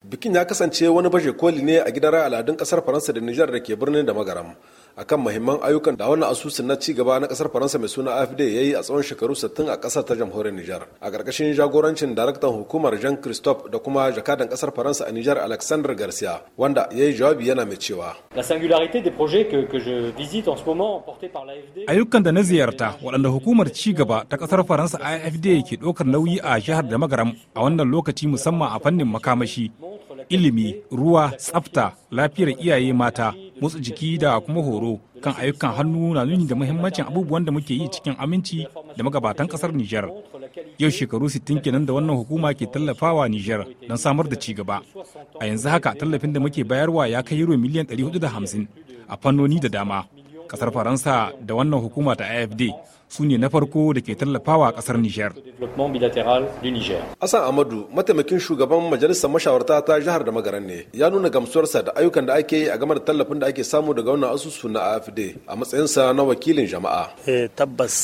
Bikin ya kasance wani baje koli ne a gidan al'adun kasar Faransa da Nijar da ke birnin da magaram akan mahimman ayyukan da wannan asusun na ci gaba na kasar Faransa mai suna AFD ya yi a tsawon shekaru 60 a kasar ta jamhuriyar Nijar. A ƙarƙashin jagorancin daraktan hukumar Jean Christophe da kuma jakadan kasar Faransa a Nijar Alexandre Garcia wanda ya yi jawabi yana mai cewa. La singularité des projets Ayyukan da na ziyarta waɗanda hukumar ci gaba ta kasar Faransa AFD ke ɗaukar nauyi a jihar da magaram a wannan lokaci musamman a fannin makamashi. ilimi ruwa tsafta lafiyar iyaye mata motsa jiki da kuma horo kan ayyukan hannu na nuni da muhimmancin abubuwan da muke yi cikin aminci da magabatan kasar Nijar. Yau shekaru 60 kenan da wannan hukuma ke tallafawa Nijar don samar da ci gaba. A yanzu haka tallafin da muke bayarwa ya kai euro miliyan 450 a fannoni da dama. kasar faransa da wannan hukuma ta afd su ne na farko da ke tallafawa kasar niger asan amadu mataimakin shugaban majalisar mashawarta ta jihar da magaran ne ya nuna gamsuwarsa da ayyukan da ake yi a game da tallafin da ake samu daga wannan asusu na afd a matsayinsa na wakilin jama'a eh, tabbas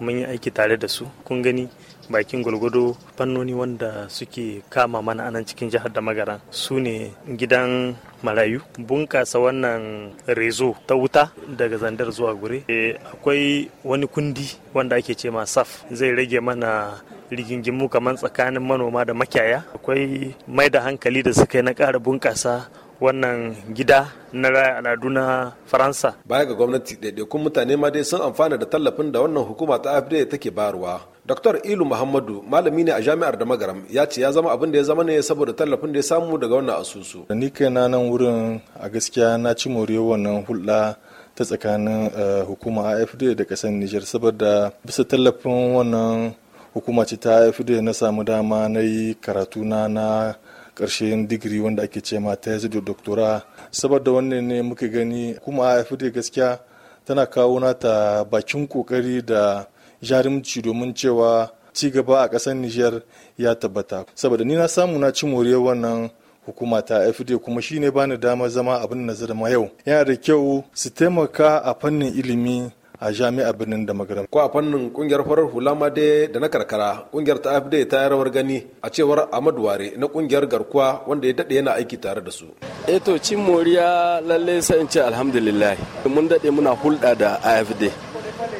mun yi aiki tare da su kun gani bakin gwalgwado fannoni wanda suke kama mana anan cikin jihar da magara su ne gidan marayu bunkasa wannan rezo ta wuta daga zandar zuwa gure eh, akwai wani kundi wanda ake ce saf zai rage mana rigingimu kamar tsakanin manoma da makiyaya akwai mai da hankali da suka yi na ƙara bunƙasa wannan gida na raya al'adu na faransa baya ga gwamnati ɗaiɗaikun mutane ma dai sun amfana da tallafin da wannan hukuma ta afirka take barwa Dr. Ilu Muhammadu malami ne a jami'ar da magaram ya ce ya zama abin da ya zama ne saboda tallafin da ya samu daga wannan asusu. Da ni na nan wurin a gaskiya na ci moriyar wannan hulɗa ta tsakanin eh, hukuma AFD da ƙasar Nijar saboda bisa tallafin wannan hukuma ce ta AFD na samu dama na yi karatu na na ƙarshen digiri wanda ake ce ma ta da doktora saboda wannan ne muke gani hukuma AFD gaskiya tana kawo nata bakin kokari da jarumci domin cewa ci gaba a kasar Nijar ya tabbata. Saboda ni na samu na ci more wannan hukuma ta FD kuma shine bani dama zama abin nazar ma yau. Yana da kyau su taimaka a fannin ilimi a jami'a birnin da magaram. Ko a fannin kungiyar farar hula ma dai da na karkara kungiyar ta AFD ta yi gani a cewar Ahmadu Ware na kungiyar garkuwa wanda ya dade yana aiki tare da su. eto eh cin moriya lalle sai in ce alhamdulillah mun dade muna hulɗa da AFD.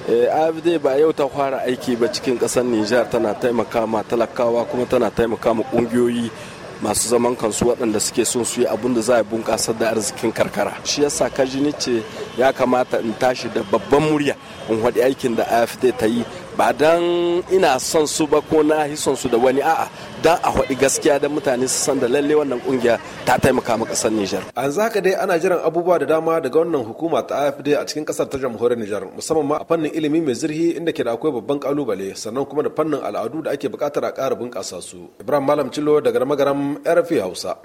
Eh, abd ba yau ta fara aiki ba cikin ƙasar nijar tana taimaka ma talakawa kuma tana taimaka ma ƙungiyoyi masu zaman kansu waɗanda suke son su yi abin da za a bunƙasar da arzikin karkara shi yasa kaji ce ya kamata in tashi da babban murya in haɗi aikin da afd ta yi ba dan ina son su ba ko na yi son su da wani a'a dan a haɗi gaskiya da mutane su san da lalle wannan kungiya ta taimaka ma ƙasar Nijar. A yanzu haka dai ana jiran abubuwa da dama daga wannan hukuma ta AFD a cikin ƙasar ta jamhuriyar Nijar musamman ma a fannin ilimi mai zurfi inda ke da akwai babban kalubale sannan kuma da fannin al'adu da ake buƙatar a ƙara bunƙasa su. Ibrahim Malam Cillo daga Magaram RFI Hausa.